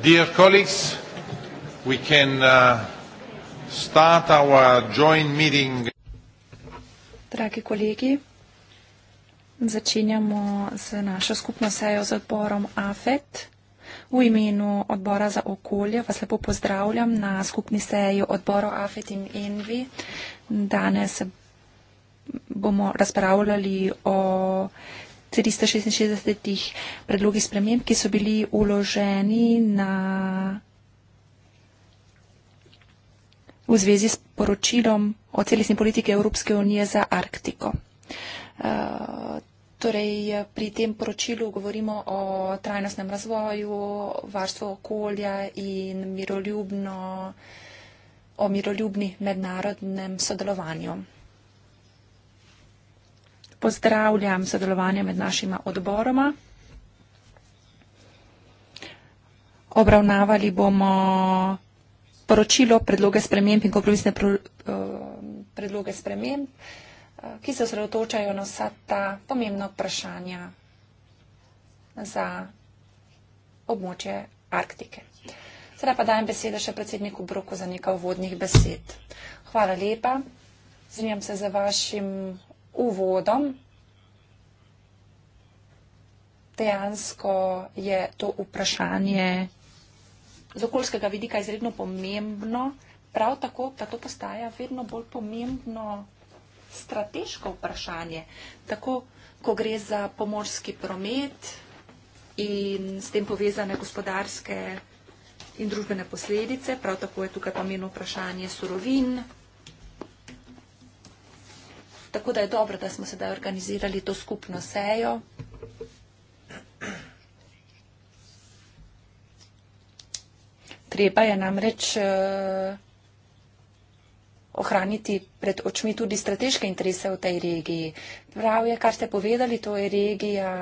Dear colleagues, we can uh, start our joint meeting. Dragi kolegi, začenjamo z našo skupno sejo z odborom AFET. V imenu odbora za okolje vas lepo pozdravljam na skupni seji odboro AFET in ENVI. Danes bomo razpravljali o 366 predlogi sprememb, ki so bili uloženi na, v zvezi s poročilom o celistni politiki Evropske unije za Arktiko. Uh, torej, pri tem poročilu govorimo o trajnostnem razvoju, varstvu okolja in miroljubno, o miroljubni mednarodnem sodelovanju pozdravljam sodelovanje med našima odboroma. Obravnavali bomo poročilo predloge sprememb in kompromisne eh, predloge sprememb, eh, ki se osredotočajo na vsa ta pomembna vprašanja za območje Arktike. Sedaj pa dajem besedo še predsedniku Broku za nekaj uvodnih besed. Hvala lepa. Zanjam se za vašim uvodom, dejansko je to vprašanje z okoljskega vidika izredno pomembno. Prav tako pa to postaja vedno bolj pomembno strateško vprašanje. Tako, ko gre za pomorski promet in s tem povezane gospodarske in družbene posledice, prav tako je tukaj pomembno vprašanje surovin. Tako da je dobro, da smo sedaj organizirali to skupno sejo. Treba je namreč eh, ohraniti pred očmi tudi strateške interese v tej regiji. Prav je, kar ste povedali, to je regija,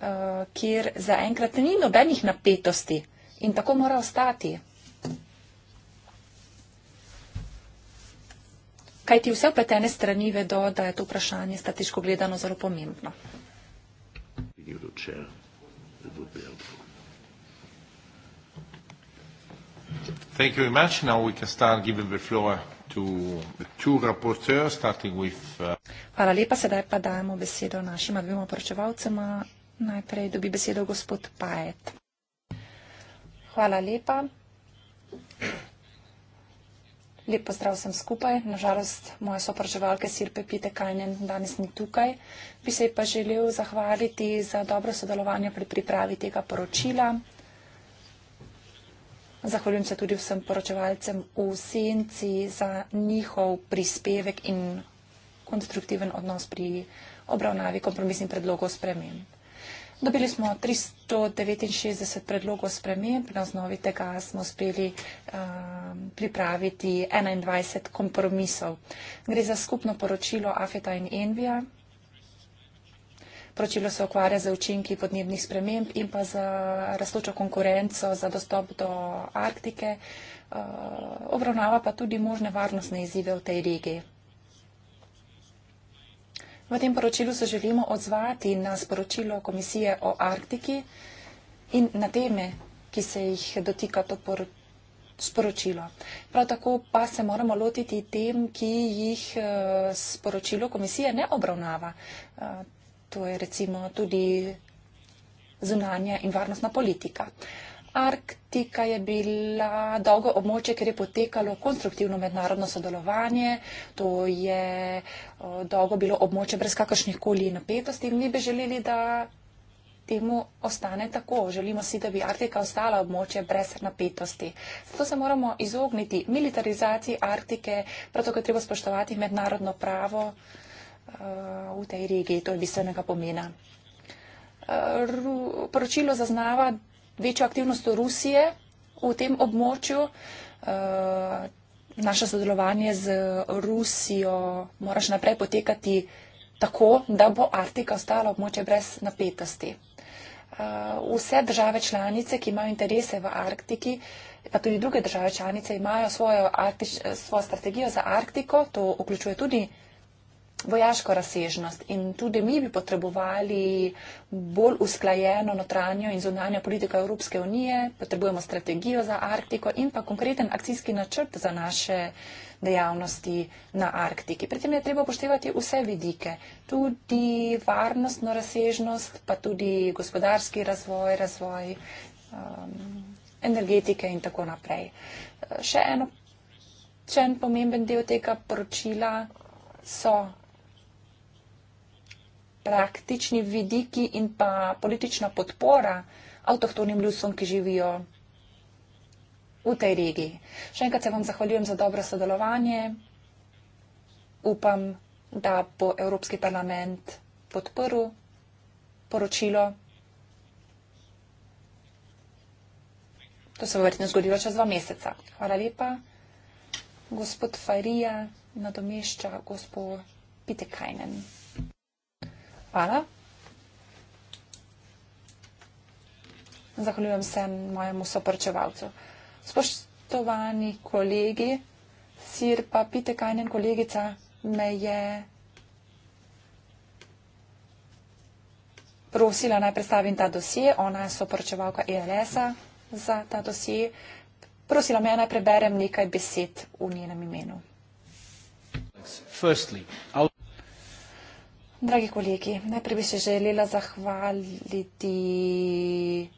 eh, kjer zaenkrat ni nobenih napetosti in tako mora ostati. kaj ti vse upletene strani vedo, da je to vprašanje strateško gledano zelo pomembno. Thank you very much. Now we can start giving the floor to the two rapporteurs, starting with... Uh... Hvala lepa, sedaj pa dajemo besedo našima dvema poročevalcema. Najprej dobi besedo gospod Pajet. Hvala lepa. Lep pozdrav sem skupaj. Nažalost, moja sopraževalka Sirpe Pite Kajnen danes ni tukaj. Bi se ji pa želel zahvaliti za dobro sodelovanje pri pripravi tega poročila. Zahvaljujem se tudi vsem poročevalcem v senci za njihov prispevek in konstruktiven odnos pri obravnavi kompromisnih predlogov sprememb. Dobili smo 369 predlogov sprememb, na osnovi tega smo uspeli um, pripraviti 21 kompromisov. Gre za skupno poročilo AFETA in Envija. Poročilo se ukvarja z učinki podnebnih sprememb in pa z rastočo konkurenco za dostop do Arktike. Uh, obravnava pa tudi možne varnostne izzive v tej regiji. V tem poročilu se želimo odzvati na sporočilo Komisije o Arktiki in na teme, ki se jih dotika to sporočilo. Prav tako pa se moramo lotiti tem, ki jih eh, sporočilo Komisije ne obravnava. Eh, to je recimo tudi zunanja in varnostna politika. Arktika je bila dolgo območje, kjer je potekalo konstruktivno mednarodno sodelovanje. To je dolgo bilo območje brez kakršnih koli napetosti in mi bi želeli, da temu ostane tako. Želimo si, da bi Arktika ostala območje brez napetosti. Zato se moramo izogniti militarizaciji Arktike, prav tako je treba spoštovati mednarodno pravo v tej regiji. To je bistvenega pomena. Poročilo zaznava, večjo aktivnost Rusije v tem območju. Eh, naše sodelovanje z Rusijo mora še naprej potekati tako, da bo Artika ostala območje brez napetosti. Eh, vse države članice, ki imajo interese v Arktiki, pa tudi druge države članice, imajo svojo, arktič, svojo strategijo za Arktiko, to vključuje tudi vojaško razsežnost in tudi mi bi potrebovali bolj usklajeno notranjo in zunanjo politiko Evropske unije, potrebujemo strategijo za Arktiko in pa konkreten akcijski načrt za naše dejavnosti na Arktiki. Pri tem je treba upoštevati vse vidike, tudi varnostno razsežnost, pa tudi gospodarski razvoj, razvoj um, energetike in tako naprej. Še eno, če en pomemben del tega poročila so praktični vidiki in pa politična podpora avtohtonim ljudstvom, ki živijo v tej regiji. Še enkrat se vam zahvaljujem za dobro sodelovanje. Upam, da bo Evropski parlament podprl poročilo. To se bo verjetno zgodilo čez dva meseca. Hvala lepa. Gospod Farija nadomešča gospod Pitekajnen hvala. Zahvaljujem se mojemu soprčevalcu. Spoštovani kolegi, sir pa pite kajnen kolegica me je prosila naj predstavim ta dosje. Ona je soprčevalka ELS-a za ta dosje. Prosila me naj preberem nekaj besed v njenem imenu. Firstly, I'll... Dragi kolegi, najprej bi se želela zahvaliti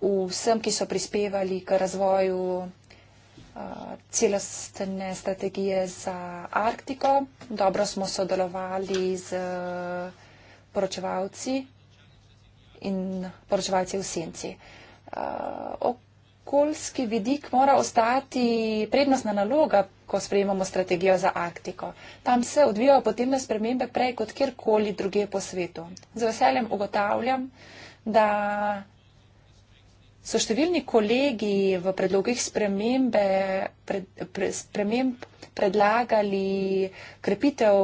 vsem, ki so prispevali k razvoju celostne strategije za Arktiko. Dobro smo sodelovali z e, poročevalci in poročevalci v senci. E, okoljski vidik mora ostati prednostna naloga ko sprejemamo strategijo za Arktiko. Tam se odvijajo podnebne spremembe prej kot kjerkoli druge po svetu. Z veseljem ugotavljam, da so številni kolegi v predlogih spremembe, pred, pre, sprememb predlagali krepitev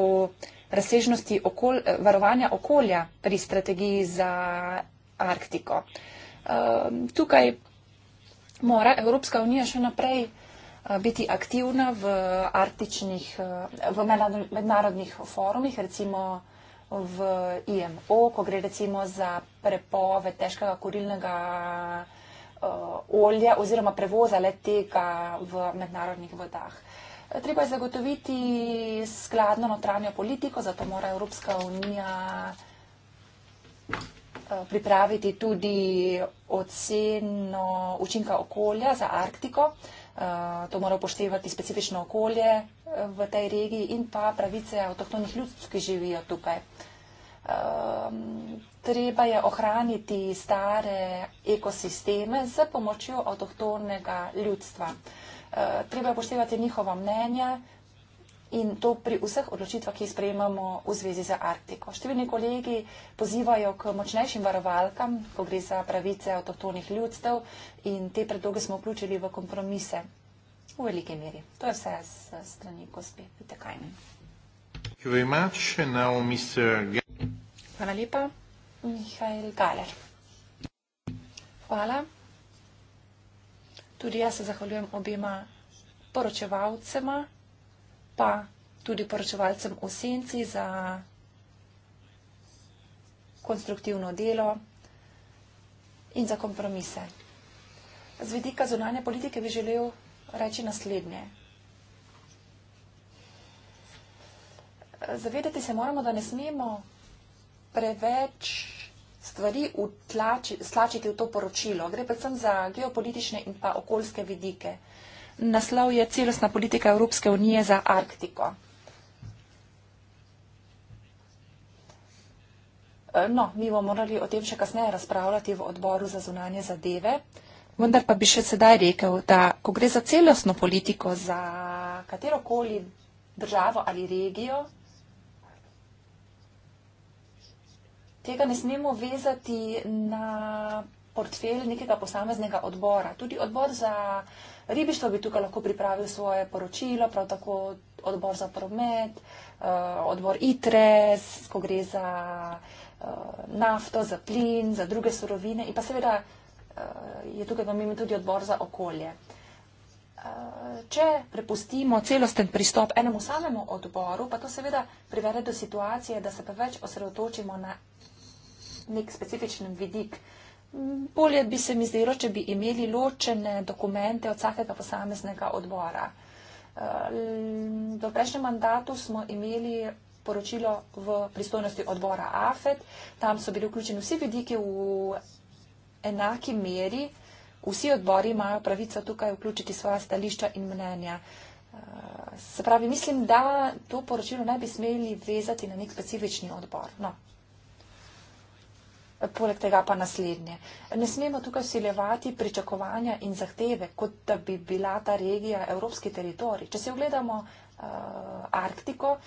razsežnosti okol, varovanja okolja pri strategiji za Arktiko. Ehm, tukaj mora Evropska unija še naprej Eh, biti aktivna v, artičnih, eh, v mednarodnih forumih, recimo v IMO, ko gre recimo za prepove težkega kurilnega eh, olja oziroma prevoza le tega v mednarodnih vodah. Treba je zagotoviti skladno notranjo politiko, zato mora Evropska unija pripraviti tudi oceno učinka okolja za Arktiko. Eh, to mora upoštevati specifično okolje eh, v tej regiji in pa pravice avtohtonih ljudstv, ki živijo tukaj. Ehm, treba je ohraniti stare ekosisteme z pomočjo avtohtonega ljudstva. Eh, treba je upoštevati njihova mnenja, in to pri vseh odločitvah, ki jih sprejemamo v zvezi z Arktiko. Številni kolegi pozivajo k močnejšim varovalkam, ko gre za pravice avtohtonih ljudstev in te predloge smo vključili v kompromise v veliki meri. To je vse z strani gospe Vitekajne. Hvala lepa. Mihajl Galer. Hvala. Tudi jaz se zahvaljujem obima poročevalcema pa tudi poročevalcem v senci za konstruktivno delo in za kompromise. Z vidika zunanje politike bi želel reči naslednje. Zavedati se moramo, da ne smemo preveč stvari utlači, slačiti v to poročilo. Gre predvsem za geopolitične in pa okoljske vidike naslov je celostna politika Evropske unije za Arktiko. E, no, mi bomo morali o tem še kasneje razpravljati v odboru za zunanje zadeve, vendar pa bi še sedaj rekel, da ko gre za celostno politiko za katerokoli državo ali regijo, tega ne smemo vezati na portfelj nekega posameznega odbora. Tudi odbor za ribištvo bi tukaj lahko pripravil svoje poročilo, prav tako odbor za promet, eh, odbor ITRES, ko gre za eh, nafto, za plin, za druge surovine in pa seveda eh, je tukaj v imenu tudi odbor za okolje. Če prepustimo celosten pristop enemu samemu odboru, pa to seveda privere do situacije, da se pa več osredotočimo na nek specifičen vidik, bolje bi se mi zdelo, če bi imeli ločene dokumente od vsakega posameznega odbora. Do eh, prejšnjem mandatu smo imeli poročilo v pristojnosti odbora AFED, tam so bili vključeni vsi vidiki v enaki meri, vsi odbori imajo pravico tukaj vključiti svoja stališča in mnenja. Eh, se pravi, mislim, da to poročilo ne bi smeli vezati na nek specifični odbor. No, poleg tega pa naslednje. Ne smemo tukaj usiljevati pričakovanja in zahteve, kot da bi bila ta regija evropski teritorij. Če se ogledamo uh, Arktiko,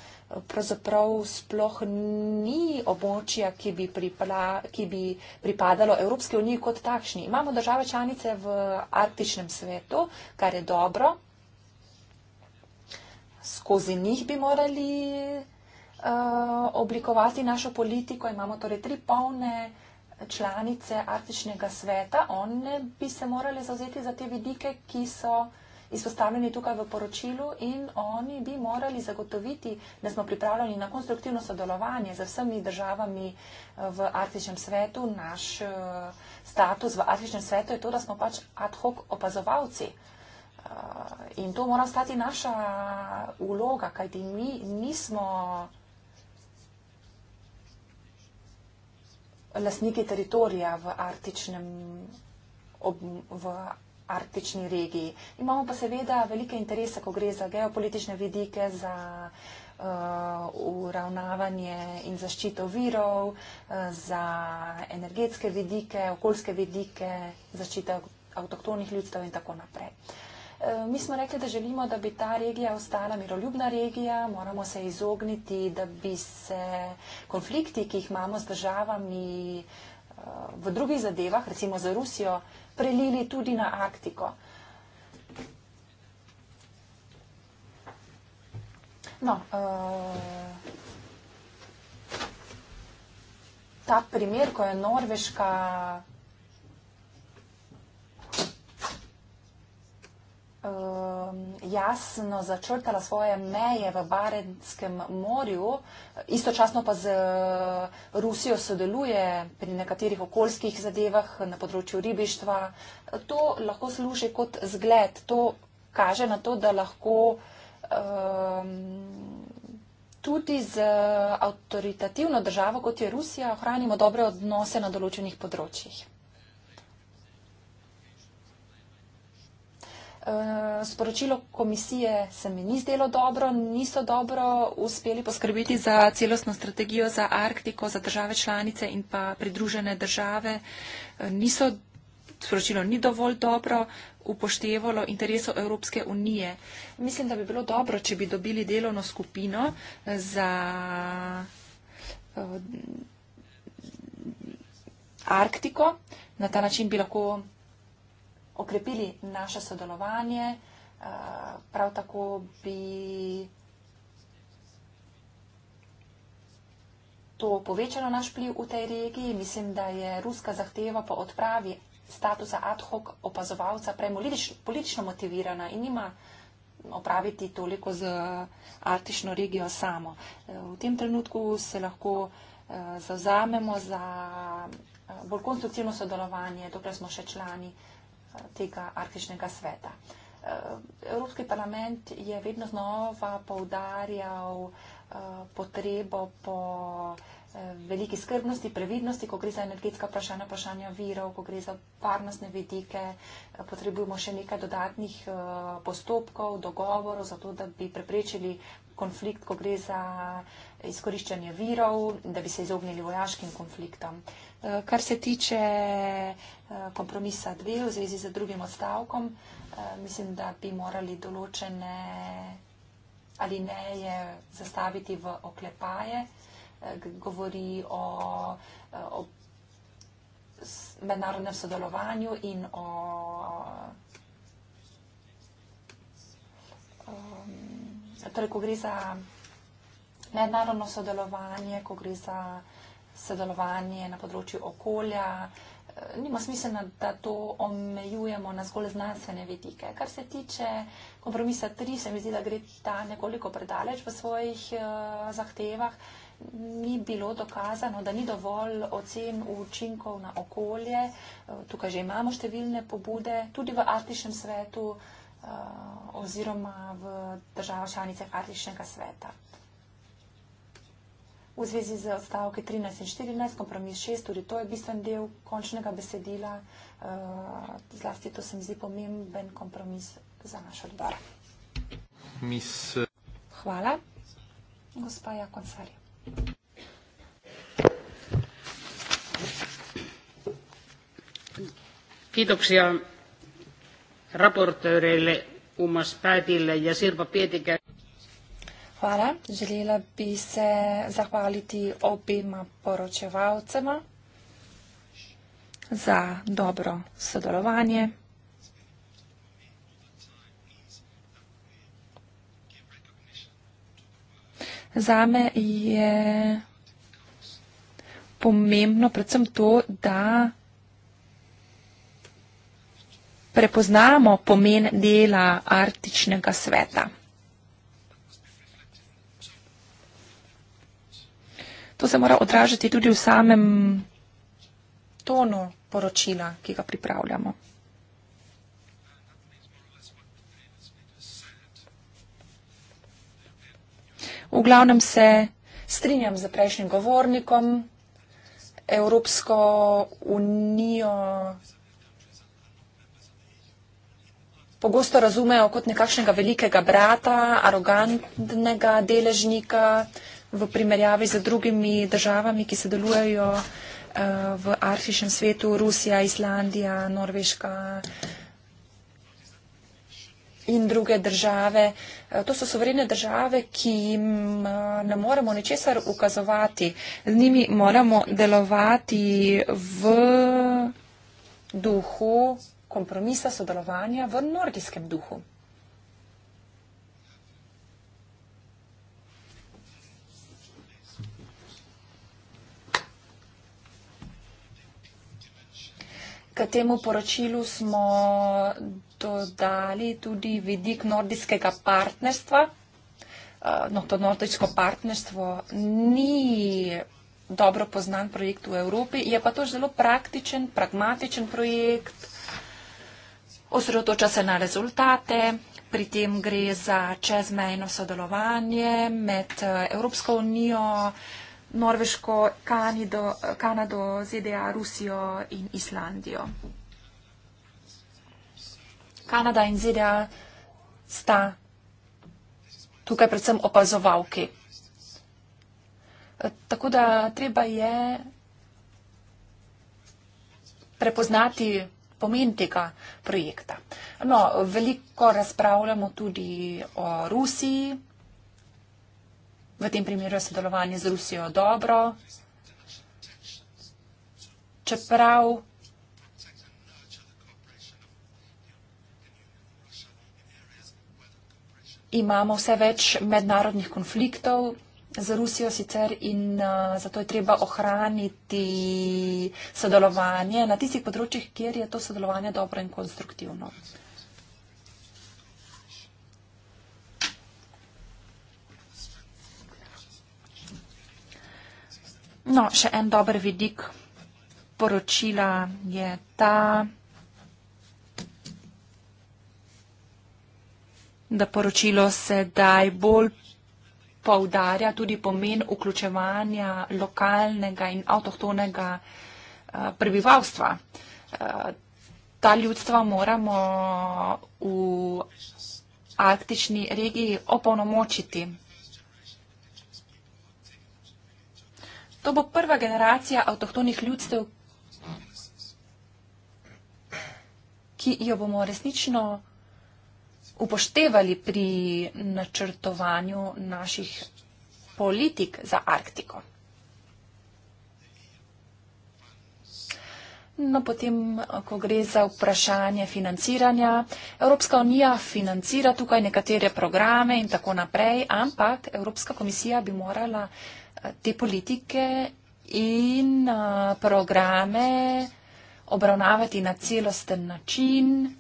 pravzaprav sploh ni območja, ki bi, pripla, ki bi pripadalo Evropske unije kot takšni. Imamo države članice v arktičnem svetu, kar je dobro. Skozi njih bi morali uh, oblikovati našo politiko. Imamo torej tri polne uh, članice artičnega sveta, one bi se morali zauzeti za te vidike, ki so izpostavljeni tukaj v poročilu in oni bi morali zagotoviti, da smo pripravljeni na konstruktivno sodelovanje z vsemi državami eh, v artičnem svetu. Naš eh, status v artičnem svetu je to, da smo pač ad hoc opazovalci. Eh, in to mora ostati naša uloga, kajti mi nismo lastniki teritorija v, ob, v arktični regiji. Imamo pa seveda velike interese, ko gre za geopolitične vidike, za uh, uravnavanje in zaščito virov, uh, za energetske vidike, okoljske vidike, zaščita avtoktonih ljudstev in tako naprej. Eh, mi smo rekli, da želimo, da bi ta regija ostala miroljubna regija, moramo se izogniti, da bi se konflikti, ki jih imamo s državami eh, v drugih zadevah, recimo za Rusijo, prelili tudi na Arktiko. No, uh, ta primer, ko je Norveška Um, jasno začrtala svoje meje v Barentskem morju, istočasno pa z uh, Rusijo sodeluje pri nekaterih okoljskih zadevah na področju ribištva. To lahko služi kot zgled, to kaže na to, da lahko um, tudi z uh, avtoritativno državo, kot je Rusija, ohranimo dobre odnose na določenih področjih. Eh, sporočilo komisije se mi ni zdelo dobro, niso dobro uspeli poskrbeti za celostno strategijo za Arktiko, za države članice in pa pridružene države. Eh, niso, sporočilo ni dovolj dobro upoštevalo interesov Evropske unije. Mislim, da bi bilo dobro, če bi dobili delovno skupino eh, za. Arktiko, na ta način bi lahko okrepili naše sodelovanje, eh, prav tako bi to povečalo naš pliv v tej regiji. Mislim, da je ruska zahteva po odpravi statusa ad hoc opazovalca prej politično motivirana in nima opraviti toliko z artično regijo samo. Eh, v tem trenutku se lahko eh, zavzamemo za bolj konstruktivno sodelovanje, dokler smo še člani regije tega arktičnega sveta. Eh, Evropski parlament je vedno znova poudarjal eh, potrebo po eh, veliki skrbnosti, previdnosti, ko gre za energetska vprašanja, vprašanja virov, ko gre za varnostne vidike, potrebujemo še nekaj dodatnih postopkov, dogovorov, zato da bi preprečili konflikt, ko gre za izkoriščanje virov, da bi se izognili vojaškim konfliktom. Eh, kar se tiče eh, kompromisa dve v zvezi z drugim odstavkom, eh, mislim, da bi morali določene ali ne je zastaviti v oklepaje. Govori o, o mednarodnem sodelovanju in o. Um, torej, ko gre za mednarodno sodelovanje, ko gre za sodelovanje na področju okolja. Eh, nima smisla, da to omejujemo na zgolj znanstvene vidike. Kar se tiče kompromisa 3, se mi zdi, da gre ta nekoliko predaleč v svojih uh, zahtevah. Ni bilo dokazano, da ni dovolj ocen učinkov na okolje. Eh, tukaj že imamo številne pobude, tudi v Artišnem svetu uh, oziroma v državah članicah Artišnega sveta v zvezi z stavke 13 in 14, kompromis 6, tudi to je bistven del končnega besedila. Eh, zlasti to se mi zdi pomemben kompromis za naš odbor. Mis... Eh. Hvala. Gospa Jakonsarja. Kiitoksia raportöörille Umas Päätille ja Sirpa Pietikä. Hvala. Želela bi se zahvaliti obima poročevalcema za dobro sodelovanje. Zame je pomembno predvsem to, da prepoznamo pomen dela Artičnega sveta. To se mora odražati tudi v samem tonu poročila, ki ga pripravljamo. V glavnem se strinjam z prejšnjim govornikom. Evropsko unijo pogosto razumejo kot nekakšnega velikega brata, arogantnega deležnika, v primerjavi z drugimi državami, ki sodelujejo eh, v arhišem svetu, Rusija, Islandija, Norveška in druge države. Eh, to so sovredne države, ki jim eh, ne moremo ničesar ukazovati. Z njimi moramo delovati v duhu kompromisa sodelovanja, v nordijskem duhu. K temu poročilu smo dodali tudi vidik nordijskega partnerstva. Eh, no, to nordijsko partnerstvo ni dobro poznan projekt v Evropi, je pa to zelo praktičen, pragmatičen projekt. Osredotoča se na rezultate, pri tem gre za čezmejno sodelovanje med eh, Evropsko unijo, Norveško, Kanido, Kanado, ZDA, Rusijo in Islandijo. Kanada in ZDA sta tukaj predvsem opazovalki. E, tako da treba je prepoznati pomen tega projekta. No, veliko razpravljamo tudi o Rusiji v tem primeru je sodelovanje z Rusijo dobro, čeprav imamo vse več mednarodnih konfliktov z Rusijo sicer in uh, zato je treba ohraniti sodelovanje na tistih področjih, kjer je to sodelovanje dobro in konstruktivno. No, še en dober vidik poročila je ta, da poročilo sedaj bolj povdarja tudi pomen vključevanja lokalnega in avtohtonega eh, prebivalstva. Eh, ta ljudstva moramo v arktični regiji opolnomočiti. To bo prva generacija avtohtonih ljudstev, ki jo bomo resnično upoštevali pri načrtovanju naših politik za Arktiko. No, potem, ko gre za vprašanje financiranja, Evropska unija financira tukaj nekatere programe in tako naprej, ampak Evropska komisija bi morala te politike in programe obravnavati na celosten način.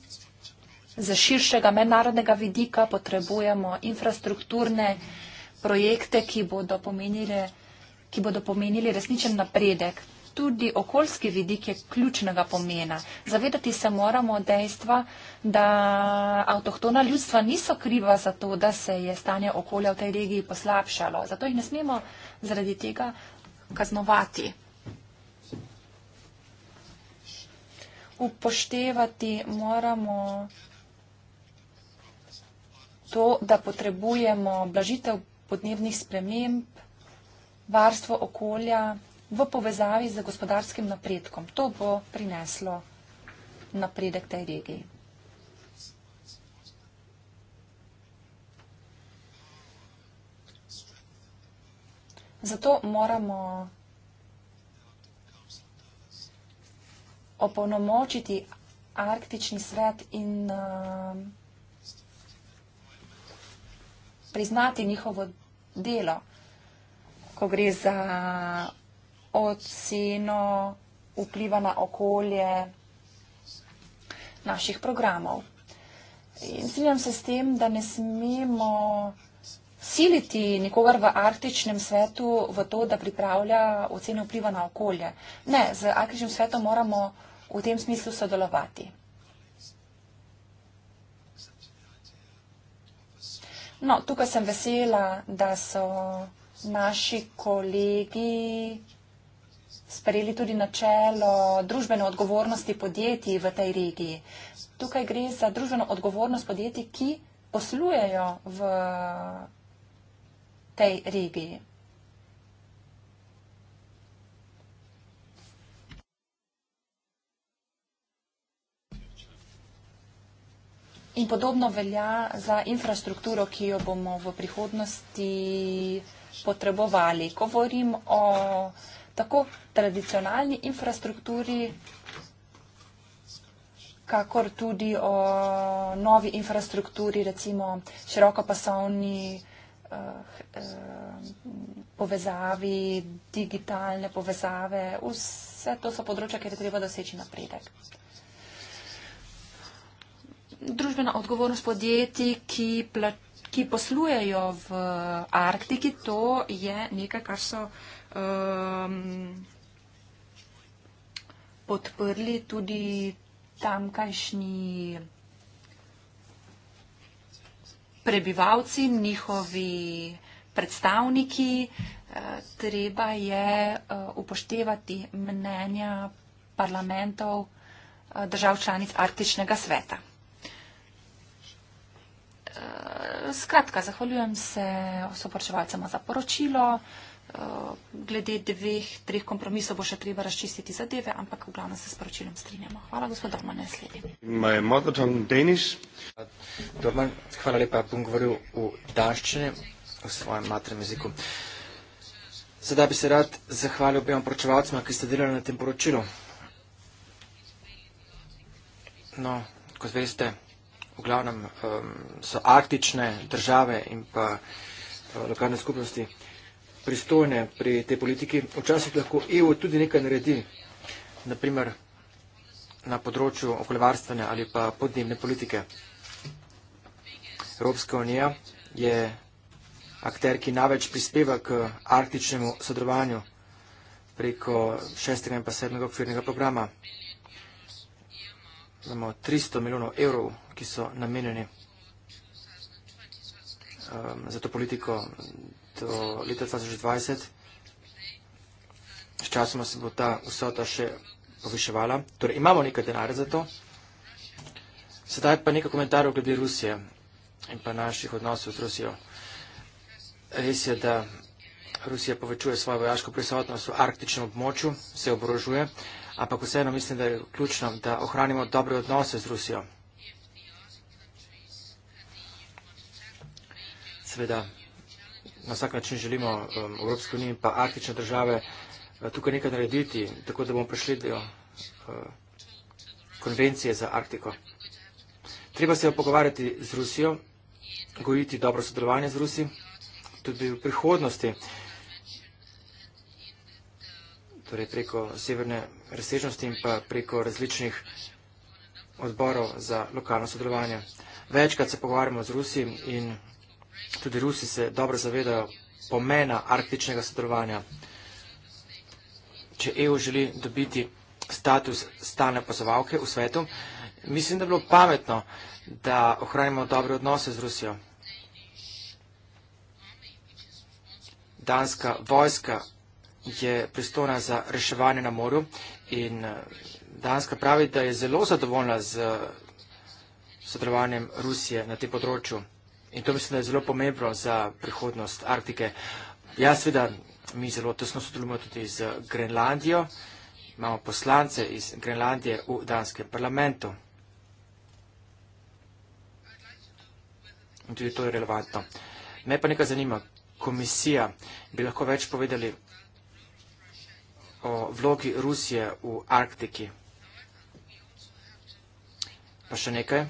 Za širšega mednarodnega vidika potrebujemo infrastrukturne projekte, ki bodo pomenili, ki bodo pomenili resničen napredek. Tudi okoljski vidik je ključnega pomena. Zavedati se moramo dejstva, da avtohtona ljudstva niso kriva za to, da se je stanje okolja v tej regiji poslabšalo. Zato jih ne smemo zaradi tega kaznovati. Upoštevati moramo to, da potrebujemo blažitev podnebnih sprememb, varstvo okolja v povezavi z gospodarskim napredkom. To bo prineslo napredek tej regiji. Zato moramo opolnomočiti arktični svet in uh, priznati njihovo delo, ko gre za oceno vpliva na okolje naših programov. In zdaj nam se s tem, da ne smemo siliti nikogar v arktičnem svetu v to, da pripravlja oceno vpliva na okolje. Ne, z arktičnim svetom moramo v tem smislu sodelovati. No, tukaj sem vesela, da so naši kolegi sprejeli tudi načelo družbene odgovornosti podjetij v tej regiji. Tukaj gre za družbeno odgovornost podjetij, ki poslujejo v tej regiji. In podobno velja za infrastrukturo, ki jo bomo v prihodnosti potrebovali. Govorim o tako tradicionalni infrastrukturi, kakor tudi o novi infrastrukturi, recimo širokopasovni infrastrukturi, uh, povezavi, digitalne povezave, vse to so področja, kjer je treba doseči napredek. Družbena odgovornost podjetij, ki, pla, ki poslujejo v Arktiki, to je nekaj, kar so um, podprli tudi tamkajšnji prebivalci, njihovi predstavniki. Eh, treba je eh, upoštevati mnenja parlamentov eh, držav članic Arktičnega sveta. Skratka, zahvaljujem se soporočevalcema za poročilo. Eh, glede dveh, treh kompromisov bo še treba razčistiti zadeve, ampak v glavnem se s poročilom strinjamo. Hvala, gospod Dorman, ne sledi. Dorman, hvala lepa, bom govoril v danščini, v svojem materem jeziku. Sedaj bi se rad zahvalil obema poročevalcima, ki ste delali na tem poročilu. No, kot veste, v glavnem um, so arktične države in pa uh, lokalne skupnosti pristojne pri tej politiki, včasih lahko EU tudi nekaj naredi, naprimer na področju okoljevarstvene ali pa podnebne politike. Evropska unija je akter, ki največ prispeva k arktičnemu sodelovanju preko 6. in 7. okvirnega programa. Imamo 300 milijonov evrov, ki so namenjeni um, za to politiko leto, leto 2020. S časom se bo ta vsota še poviševala. Torej, imamo nekaj denarja za to. Sedaj pa nekaj komentarjev glede Rusije in pa naših odnosov z Rusijo. Res je, da Rusija povečuje svojo vojaško prisotnost v arktičnem območju, se oborožuje, ampak vseeno mislim, da je ključno, da ohranimo dobre odnose z Rusijo. Seveda, na vsak način želimo um, Evropske unije in pa arktične države uh, tukaj nekaj narediti, tako da bomo prišli do uh, konvencije za Arktiko. Treba se pogovarjati z Rusijo, gojiti dobro sodelovanje z Rusi, tudi v prihodnosti, torej preko severne razsežnosti in pa preko različnih odborov za lokalno sodelovanje. Večkrat se pogovarjamo z Rusijo in Tudi Rusi se dobro zavedajo pomena arktičnega sodelovanja. Če EU želi dobiti status stalne pozovalke v svetu, mislim, da bi bilo pametno, da ohranimo dobre odnose z Rusijo. Danska vojska je pristojna za reševanje na morju in eh, Danska pravi, da je zelo zadovoljna z sodelovanjem Rusije na tem področju. In to mislim, da je zelo pomembno za prihodnost Arktike. Jaz seveda, mi zelo tesno sodelujemo tudi z Grenlandijo. Imamo poslance iz Grenlandije v danskem parlamentu. In tudi to je relevantno. Me pa nekaj zanima, komisija bi lahko več povedali o vlogi Rusije v Arktiki. Pa še nekaj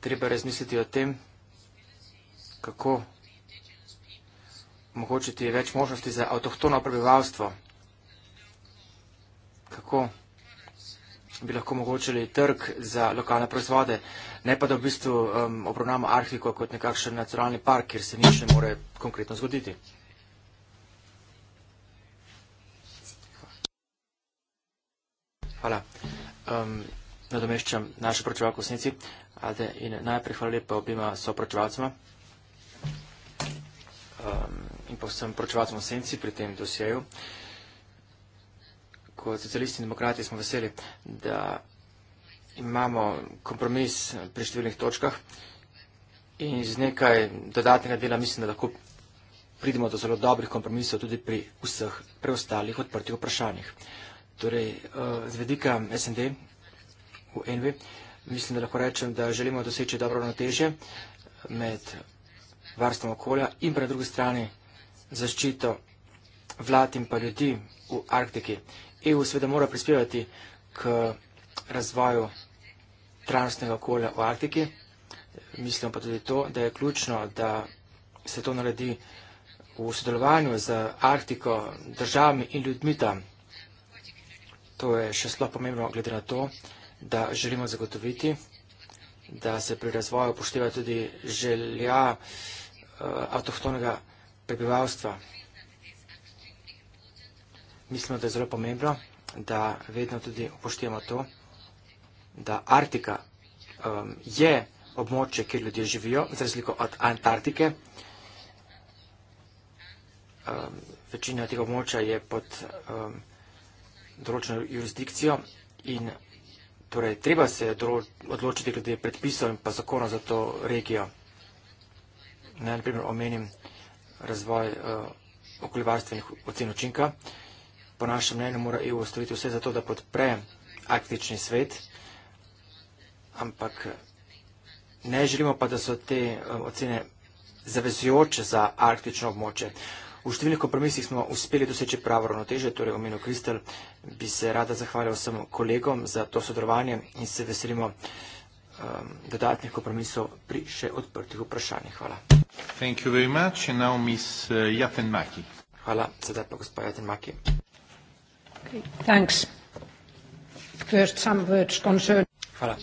treba razmisliti o tem, kako omogočiti več možnosti za avtohtono prebivalstvo, kako bi lahko omogočili trg za lokalne proizvode, ne pa da v bistvu um, obravnamo Arhiko kot nekakšen nacionalni park, kjer se nič ne more konkretno zgoditi. Hvala. Um, nadomeščam našo pročevalko v snici. Ade in najprej hvala lepa obima sopročevalcema um, in pa vsem pročevalcem v senci pri tem dosjeju. Kot socialisti in demokrati smo veseli, da imamo kompromis pri številnih točkah in z nekaj dodatnega dela mislim, da lahko pridemo do zelo dobrih kompromisov tudi pri vseh preostalih odprtih vprašanjih. Torej, uh, z vedika SND v Envi. Mislim, da lahko rečem, da želimo doseči dobro ravnotežje med varstvom okolja in pa na drugi strani zaščito vlad in pa ljudi v Arktiki. EU seveda mora prispevati k razvoju trajnostnega okolja v Arktiki. Mislim pa tudi to, da je ključno, da se to naredi v sodelovanju z Arktiko, državami in ljudmi tam. To je še sploh pomembno glede na to, da želimo zagotoviti, da se pri razvoju upošteva tudi želja eh, avtohtonega prebivalstva. Mislimo, da je zelo pomembno, da vedno tudi upoštevamo to, da Arktika um, je območje, kjer ljudje živijo, za razliko od Antarktike. Um, večina tega območja je pod um, določeno jurisdikcijo in Torej, treba se odločiti glede predpisov in pa zakona za to regijo. Ne, naprimer, omenim razvoj uh, okoljevarstvenih ocen učinka. Po našem mnenju mora EU ustaviti vse za to, da podpre arktični svet, ampak ne želimo pa, da so te uh, ocene zavezujoče za arktično območje. Uh, V številnih kompromisih smo uspeli doseči pravo ravnoteže, torej omenil Kristel, bi se rada zahvalil vsem kolegom za to sodelovanje in se veselimo um, dodatnih kompromisov pri še odprtih vprašanjih. Hvala. Much, Ms, uh, Hvala, sedaj pa gospod Jatenmaki. Hvala.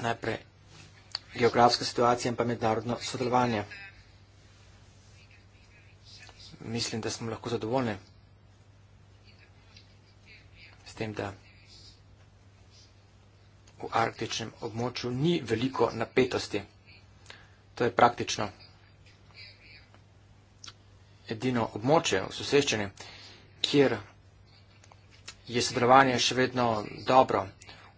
Najprej geografska situacija in pa mednarodno sodelovanje mislim, da smo lahko zadovoljni s tem, da v arktičnem območju ni veliko napetosti. To je praktično edino območje v soseščini, kjer je sodelovanje še vedno dobro.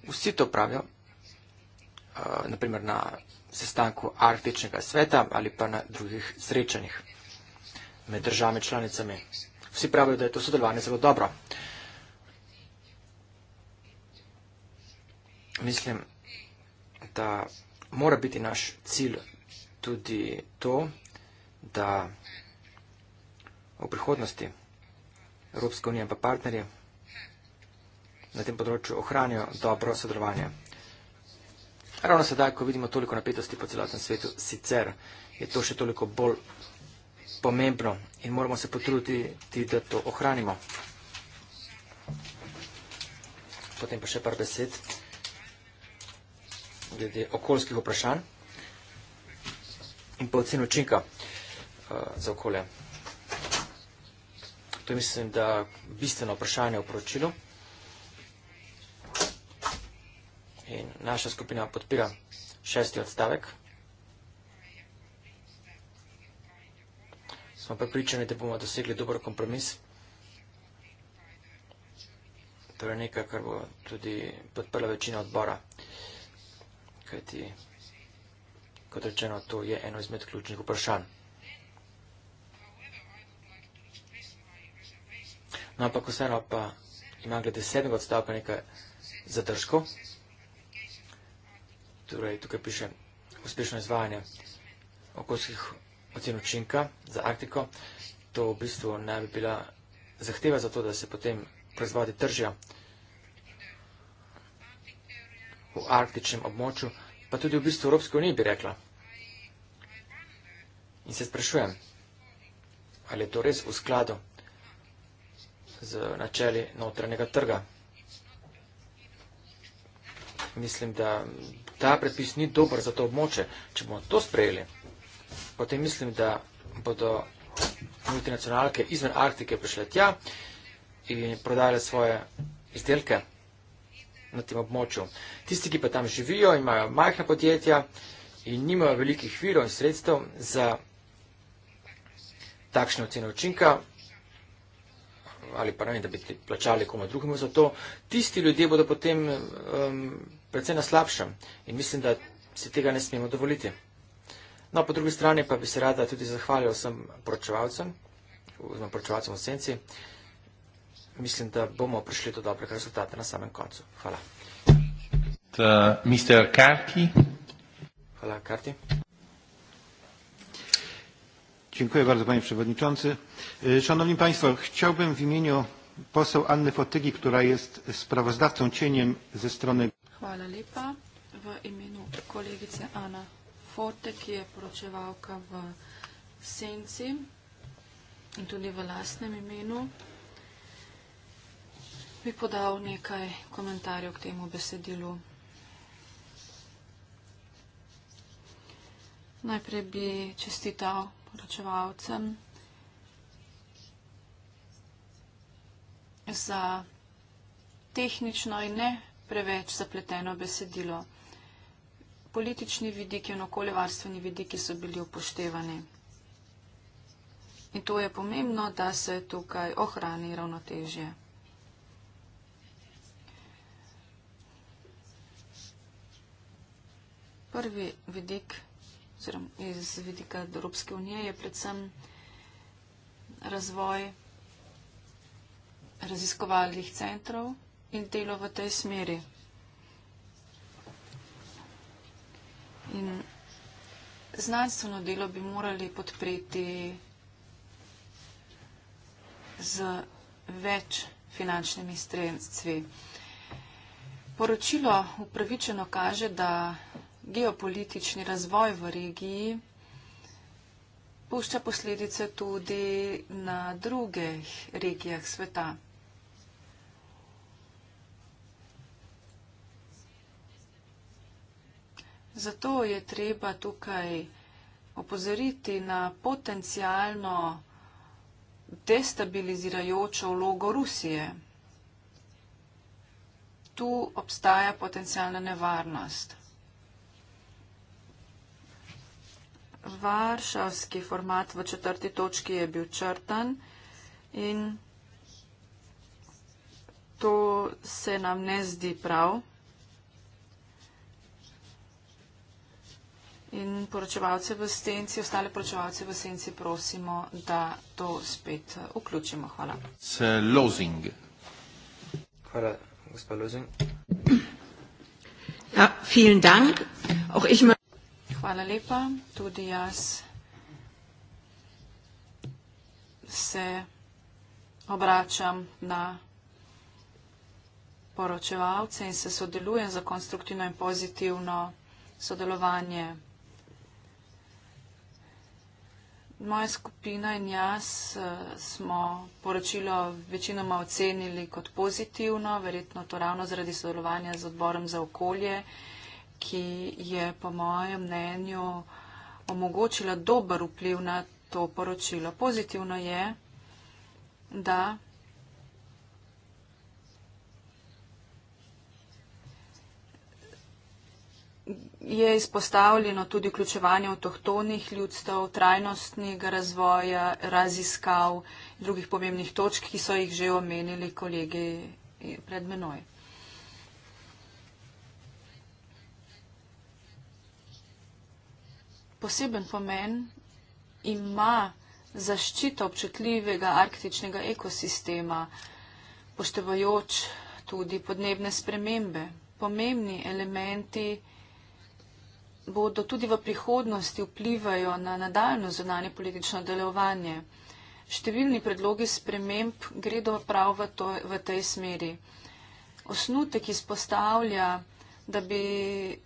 Vsi to pravijo, eh, naprimer na sestanku Arktičnega sveta ali pa na drugih srečanjih med državami članicami. Vsi pravijo, da je to sodelovanje zelo dobro. Mislim, da mora biti naš cilj tudi to, da v prihodnosti Evropska unija in pa partnerje na tem področju ohranijo dobro sodelovanje. Ravno sedaj, ko vidimo toliko napetosti po celotnem svetu, sicer je to še toliko bolj pomembno in moramo se potruditi, da to ohranimo. Potem pa še par besed glede okoljskih vprašanj in pa ocen učinka uh, za okolje. To je mislim, da bistveno vprašanje v poročilu. In naša skupina podpira šesti odstavek. smo pripričani, da bomo dosegli dober kompromis. To torej je nekaj, kar bo tudi podprla večina odbora. Kajti, kot rečeno, to je eno izmed ključnih vprašanj. No, ampak vseeno pa ima glede sedmega odstavka nekaj zadržkov. Torej, tukaj piše uspešno izvajanje okoljskih oceno učinka za Arktiko, to v bistvu ne bi bila zahteva za to, da se potem proizvodi tržja v arktičnem območju, pa tudi v bistvu Evropske unije bi rekla. In se sprašujem, ali je to res v skladu z načeli notranjega trga. Mislim, da ta predpis ni dober za to območje, če bomo to sprejeli potem mislim, da bodo multinacionalke izven Arktike prišle tja in prodajale svoje izdelke na tem območju. Tisti, ki pa tam živijo, imajo majhna podjetja in nimajo velikih virov in sredstev za takšne ocene učinka ali pa ne vem, da bi plačali komu drugemu za to, tisti ljudje bodo potem um, predvsem na slabšem in mislim, da si tega ne smemo dovoliti. No, po drugi strani pa bi se rada tudi zahvalil vsem poročevalcem, oziroma poročevalcem v senci. Mislim, da bomo prišli do dobrega rezultata na samem koncu. Hvala. The Mr. Karki. Hvala, Karti. Dziękuję bardzo panie przewodniczący. E, szanowni państwo, chciałbym w imieniu poseł Anny Fotygi, która jest sprawozdawcą cieniem ze strony... Chwała lepa w imieniu kolegice Anna Forte, ki je poročevalka v Senci in tudi v lastnem imenu, bi podal nekaj komentarjev k temu besedilu. Najprej bi čestital poročevalcem za tehnično in ne preveč zapleteno besedilo politični vidiki in okoljevarstveni vidiki so bili upoštevani. In to je pomembno, da se tukaj ohrani ravnotežje. Prvi vidik iz vidika Evropske unije je predvsem razvoj raziskovalnih centrov in delo v tej smeri. In znanstveno delo bi morali podpreti z več finančnimi sredstvi. Poročilo upravičeno kaže, da geopolitični razvoj v regiji pušča posledice tudi na drugih regijah sveta. Zato je treba tukaj opozoriti na potencijalno destabilizirajočo vlogo Rusije. Tu obstaja potencijalna nevarnost. Varšavski format v četrti točki je bil črtan in to se nam ne zdi prav. In poročevalce v senci, ostale poročevalce v senci prosimo, da to spet eh, vključimo. Hvala. Lozing. Hvala, gospa Lozing. Ja, vielen Dank. Auch ich Hvala lepa, tudi jaz se obračam na poročevalce in se sodelujem za konstruktivno in pozitivno sodelovanje. Moja skupina in jaz uh, smo poročilo večinoma ocenili kot pozitivno, verjetno to ravno zaradi sodelovanja z odborom za okolje, ki je po mojem mnenju omogočila dober vpliv na to poročilo. Pozitivno je, da je izpostavljeno tudi vključevanje avtohtonih ljudstev, trajnostnega razvoja, raziskav in drugih pomembnih točk, ki so jih že omenili kolegi pred menoj. Poseben pomen ima zaščita občutljivega arktičnega ekosistema, poštevajoč tudi podnebne spremembe. Pomembni elementi bodo tudi v prihodnosti vplivajo na nadaljno zunanje politično delovanje. Številni predlogi sprememb gredo prav v, to, v tej smeri. Osnutek izpostavlja, da bi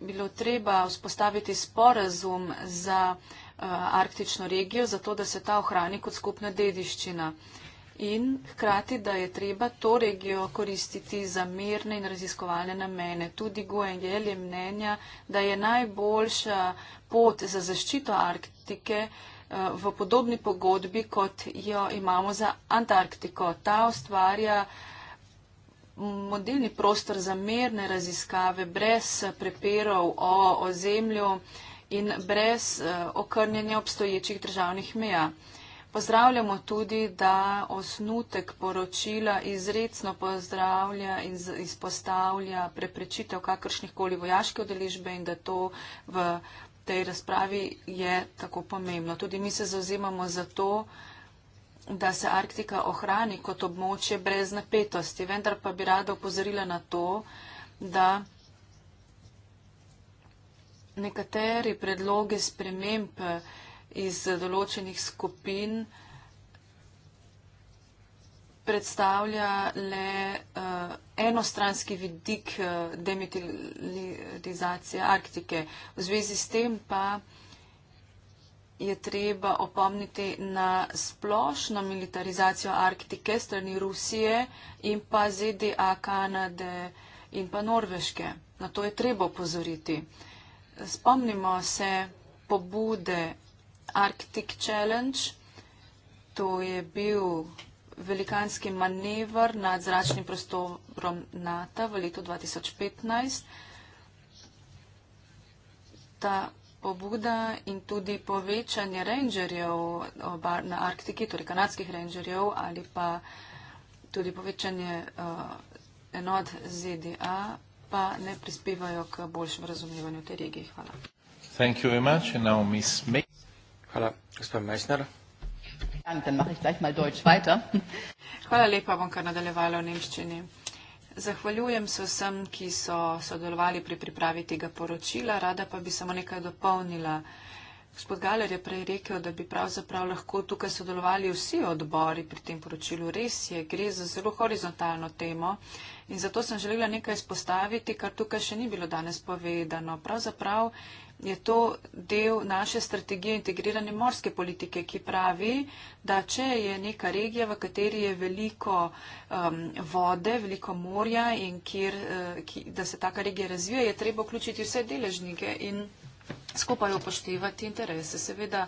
bilo treba vzpostaviti sporazum za uh, arktično regijo, zato da se ta ohrani kot skupna dediščina. Uh, in hkrati, da je treba to regijo koristiti za mirne in raziskovalne namene. Tudi Guengel je mnenja, da je najboljša pot za zaščito Arktike eh, v podobni pogodbi, kot jo imamo za Antarktiko. Ta ustvarja modelni prostor za merne raziskave brez prepirov o ozemlju in brez eh, okrnjenja obstoječih državnih meja. Pozdravljamo tudi, da osnutek poročila izredno pozdravlja in izpostavlja preprečitev kakršnih koli vojaške odeležbe in da to v tej razpravi je tako pomembno. Tudi mi se zauzemamo za to, da se Arktika ohrani kot območje brez napetosti, vendar pa bi rada upozorila na to, da nekateri predloge sprememb iz določenih skupin predstavlja le uh, enostranski vidik uh, eh, demitilizacije Arktike. V zvezi s tem pa je treba opomniti na splošno militarizacijo Arktike strani Rusije in pa ZDA, Kanade in pa Norveške. Na to je treba opozoriti. Spomnimo se pobude Arctic Challenge. To je bil velikanski manevr nad zračnim prostorom NATO v letu 2015. Ta pobuda in tudi povečanje rangerjev na Arktiki, torej kanadskih rangerjev ali pa tudi povečanje uh, enot ZDA, pa ne prispevajo k boljšemu razumevanju te regije. Hvala. Thank you very much. And now Miss May. Hvala. Gospod Meissner. Hvala lepa, bom kar nadaljevala v nemščini. Zahvaljujem se vsem, ki so sodelovali pri pripravi tega poročila. Rada pa bi samo nekaj dopolnila. Gospod Galer je prej rekel, da bi pravzaprav lahko tukaj sodelovali vsi odbori pri tem poročilu. Res je, gre za zelo horizontalno temo in zato sem želela nekaj izpostaviti, kar tukaj še ni bilo danes povedano. Pravzaprav je to del naše strategije integrirane morske politike, ki pravi, da če je neka regija, v kateri je veliko um, vode, veliko morja in kjer, uh, ki, da se taka regija razvija, je treba vključiti vse deležnike in skupaj upoštevati interese. Seveda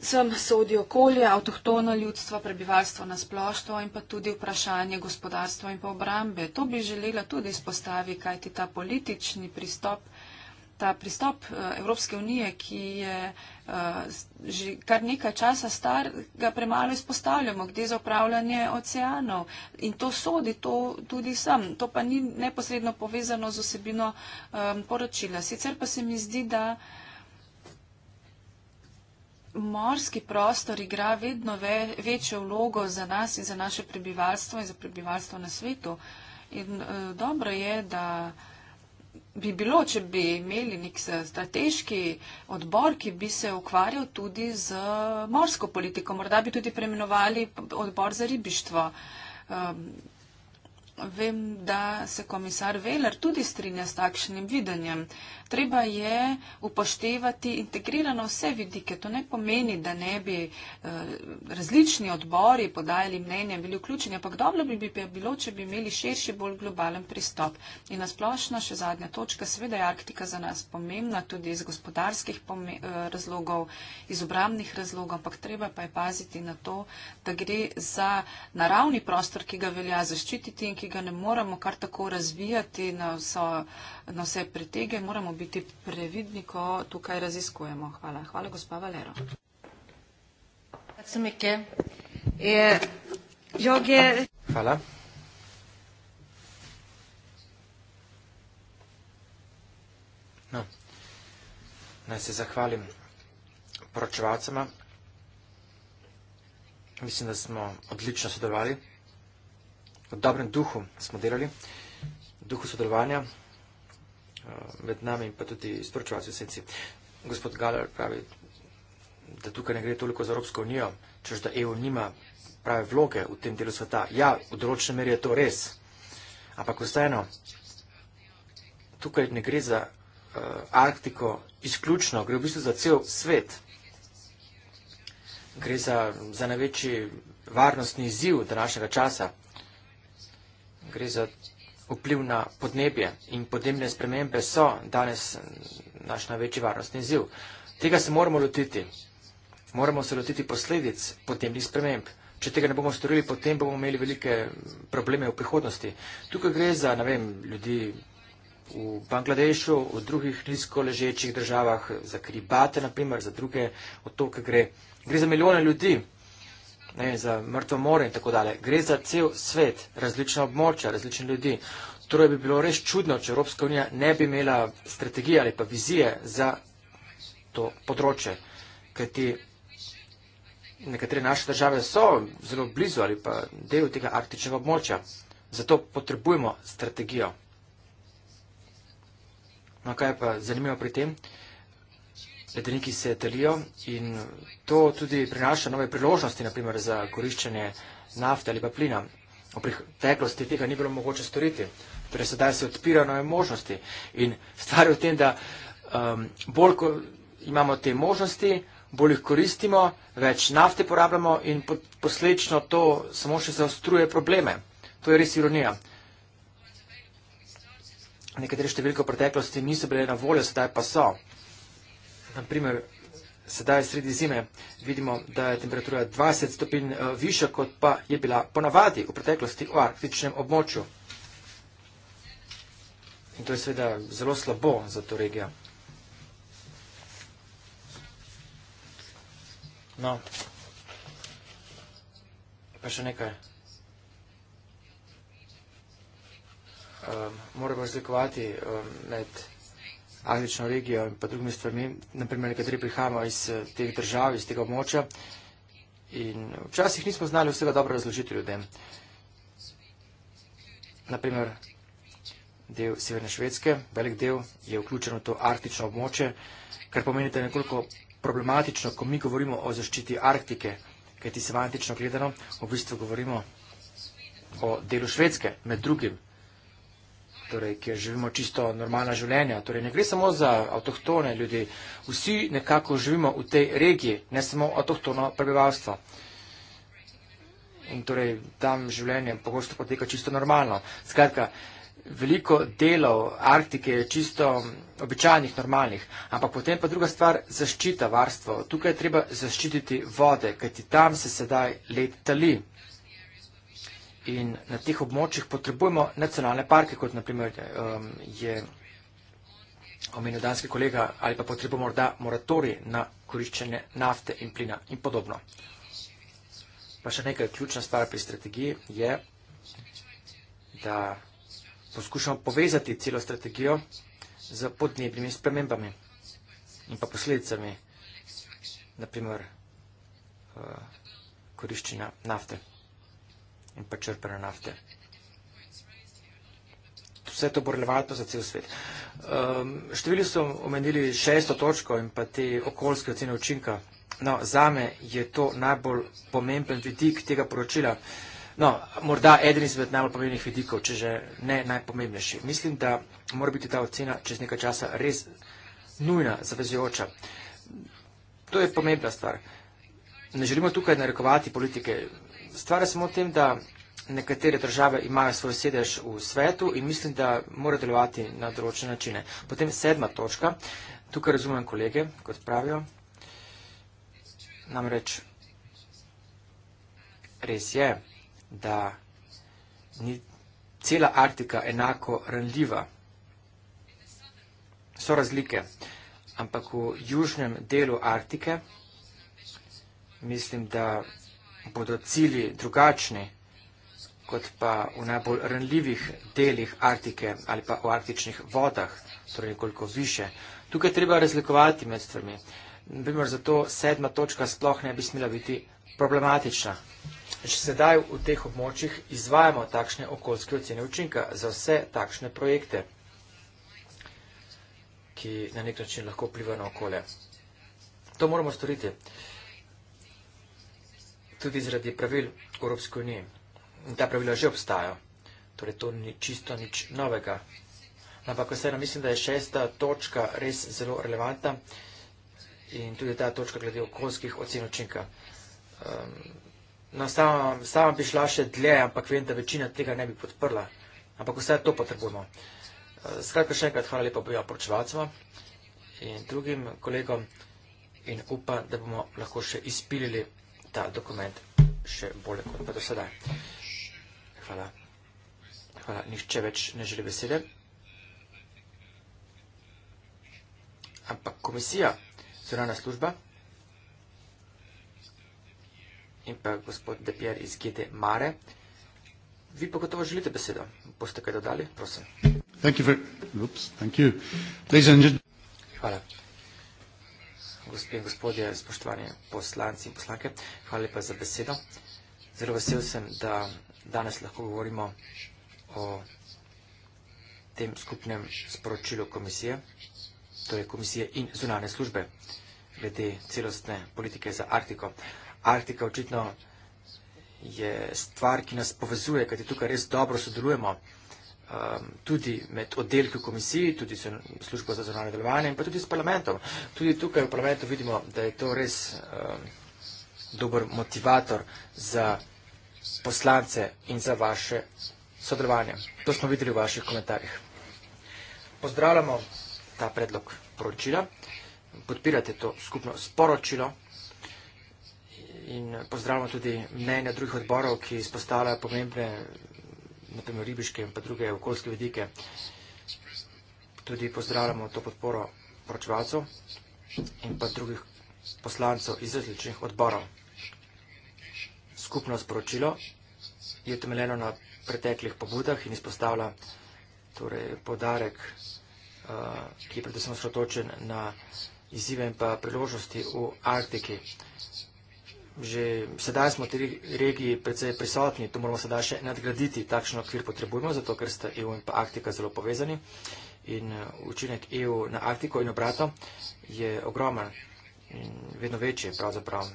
sem sodi okolje, avtohtona ljudstva, prebivalstvo na splošno in pa tudi vprašanje gospodarstva in pa obrambe. To bi želela tudi izpostaviti, kajti ta politični pristop ta pristop eh, Evropske unije, ki je eh, že kar nekaj časa star, ga premalo izpostavljamo, kde za upravljanje oceanov. In to sodi, to tudi sem. To pa ni neposredno povezano z osebino eh, poročila. Sicer pa se mi zdi, da morski prostor igra vedno ve, večjo vlogo za nas in za naše prebivalstvo in za prebivalstvo na svetu. In dobro je, da bi bilo, če bi imeli nek strateški odbor, ki bi se ukvarjal tudi z morsko politiko. Morda bi tudi premenovali odbor za ribištvo. Ehm, vem, da se komisar Veler tudi strinja s takšnim videnjem treba je upoštevati integrirano vse vidike. To ne pomeni, da ne bi eh, različni odbori podajali mnenja, bili vključeni, ampak dobro bi, bi bilo, če bi imeli širši, bolj globalen pristop. In nasplošno, še zadnja točka, seveda je Arktika za nas pomembna tudi iz gospodarskih eh, razlogov, iz obramnih razlogov, ampak treba pa je paziti na to, da gre za naravni prostor, ki ga velja zaščititi in ki ga ne moramo kar tako razvijati na vso nas vse pretege, moramo biti previdni, ko tukaj raziskujemo. Hvala. Hvala, gospa Valero. E, Hvala. No. Naj se zahvalim poročevalcema. Mislim, da smo odlično sodelovali. V dobrem duhu smo delali, v duhu sodelovanja. Eh, med nami in pa tudi sporočevalci v senci. Gospod Galer pravi, da tukaj ne gre toliko za Evropsko unijo, čež da EU nima prave vloge v tem delu sveta. Ja, v določenem meri je to res, ampak vseeno, tukaj ne gre za uh, Arktiko izključno, gre v bistvu za cel svet. Gre za, za največji varnostni izziv današnjega časa. Gre za vpliv na podnebje in podnebne spremembe so danes naš največji varnostni ziv. Tega se moramo lotiti. Moramo se lotiti posledic podnebnih sprememb. Če tega ne bomo storili, potem bomo imeli velike probleme v prihodnosti. Tukaj gre za, ne vem, ljudi v Bangladešu, v drugih nizko ležečih državah, za Kribate, naprimer, za druge otoke gre. Gre za milijone ljudi, ne, za mrtvo more in tako dalje. Gre za cel svet, različna območja, različni ljudi. Torej bi bilo res čudno, če Evropska unija ne bi imela strategije ali pa vizije za to področje, ker ti nekatere naše države so zelo blizu ali pa del tega arktičnega območja. Zato potrebujemo strategijo. No, kaj je pa zanimivo pri tem? Uh, ledeniki se telijo in to tudi prinaša nove priložnosti, naprimer za koriščenje nafte ali pa plina. V preteklosti tega ni bilo mogoče storiti. Torej sedaj se odpira nove možnosti in stvar je v tem, da um, bolj, ko imamo te možnosti, bolj jih koristimo, več nafte porabljamo in posledično to samo še zaostruje probleme. To je res ironija. Nekatere številke v preteklosti niso bile na voljo, sedaj pa so naprimer, sedaj sredi zime vidimo, da je temperatura 20 stopinj eh, više, kot pa je bila ponavadi v preteklosti v arktičnem območju. In to je seveda zelo slabo za to regijo. No, pa še nekaj. Um, moramo razlikovati um, med. Afrično regijo in pa drugimi stvarmi, naprimer nekateri prihajamo iz eh, teh držav, iz tega območja in včasih nismo znali vsega dobro razložiti ljudem. Naprimer, del Severne Švedske, velik del je vključeno v to arktično območje, kar pomeni, da je nekoliko problematično, ko mi govorimo o zaščiti Arktike, kajti semantično gledano, v bistvu govorimo o delu Švedske, med drugim torej, kjer živimo čisto normalna življenja. Torej, ne gre samo za avtohtone ljudi, vsi nekako živimo v tej regiji, ne samo avtohtono prebivalstvo. In torej tam življenje pogosto poteka čisto normalno. Skratka, veliko delov Arktike je čisto običajnih, normalnih. Ampak potem pa druga stvar, zaščita, varstvo. Tukaj je treba zaščititi vode, kajti tam se sedaj let tali. In na teh območjih potrebujemo nacionalne parke, kot naprimer um, je omenil danski kolega, ali pa potrebujemo morda moratorij na koriščenje nafte in plina in podobno. Pa še nekaj ključna stvar pri strategiji je, da poskušamo povezati celo strategijo z podnebnimi spremembami in pa posledicami, naprimer, uh, koriščenja nafte in pa črpanja nafte. Vse to bo relevantno za cel svet. Um, števili so omenili šesto točko in pa te okoljske ocene učinka. No, zame je to najbolj pomemben vidik tega poročila. No, morda eden izmed najbolj pomembnih vidikov, če že ne najpomembnejši. Mislim, da mora biti ta ocena čez nekaj časa res nujna, zavezujoča. To je pomembna stvar. Ne želimo tukaj narekovati politike, stvar je samo v tem, da nekatere države imajo svoj sedež v svetu in mislim, da mora delovati na določene načine. Potem sedma točka, tukaj razumem kolege, kot pravijo, namreč res je, da ni cela Artika enako ranljiva. So razlike, ampak v južnem delu Artike mislim, da bodo cilji drugačni kot pa v najbolj ranljivih delih Arktike ali pa v arktičnih vodah, torej nekoliko više. Tukaj treba razlikovati med stvarmi. Primer, zato sedma točka sploh ne bi smela biti problematična. Že sedaj v teh območjih izvajamo takšne okoljske ocene učinka za vse takšne projekte, ki na nek način lahko vplivajo na okolje. To moramo storiti. Uh, tudi zaradi pravil Evropske unije. In ta pravila že obstajajo, torej to ni čisto nič novega. Ampak vseeno mislim, da je šesta točka res zelo relevanta in tudi ta točka glede okoljskih ocen učinka. Um, no, sama, sama bi šla še dlje, ampak vem, da večina tega ne bi podprla. Ampak vse to potrebujemo. Uh, skratka, še enkrat hvala lepa bojo poročevalcema in drugim kolegom in upam, da bomo lahko še izpilili ta dokument še bolje kot pa do sedaj. Hvala. Hvala. Nihče več ne želi besede. Ampak komisija, zunana služba in pa gospod Depier iz GD Mare, vi pa gotovo želite besedo. Boste kaj dodali? Prosim. Thank you for... Oops, thank you. Ladies and gentlemen... Hvala gospe in gospodje, spoštovanje poslanci in poslanke, hvala lepa za besedo. Zelo vesel sem, da danes lahko govorimo o tem skupnem sporočilu komisije, torej komisije in zunane službe, glede celostne politike za Arktiko. Arktika očitno je stvar, ki nas povezuje, kajti tukaj res dobro sodelujemo, Um, tudi med oddelki v komisiji, tudi službo za zonalne delovanje in pa tudi s parlamentom. Tudi tukaj v parlamentu vidimo, da je to res um, dober motivator za poslance in za vaše sodelovanje. To smo videli v vaših komentarjih. Pozdravljamo ta predlog poročila, podpirate to skupno sporočilo in pozdravljamo tudi mnenja drugih odborov, ki izpostavljajo pomembne vsega, naprimer ribiške in pa druge okoljske vedike. Tudi pozdravljamo to podporo poročevalcev in pa drugih poslancev iz različnih odborov. Skupno sporočilo je temeljeno na preteklih pobudah in izpostavlja torej, podarek, uh, ki je predvsem osredotočen na izzive in pa priložnosti v Arktiki že sedaj smo v tej regiji predvsej prisotni, to moramo sedaj še nadgraditi, takšen okvir potrebujemo, zato ker sta EU in pa Arktika zelo povezani in eh, učinek EU na Arktiko in obrato je ogromen in vedno večji pravzaprav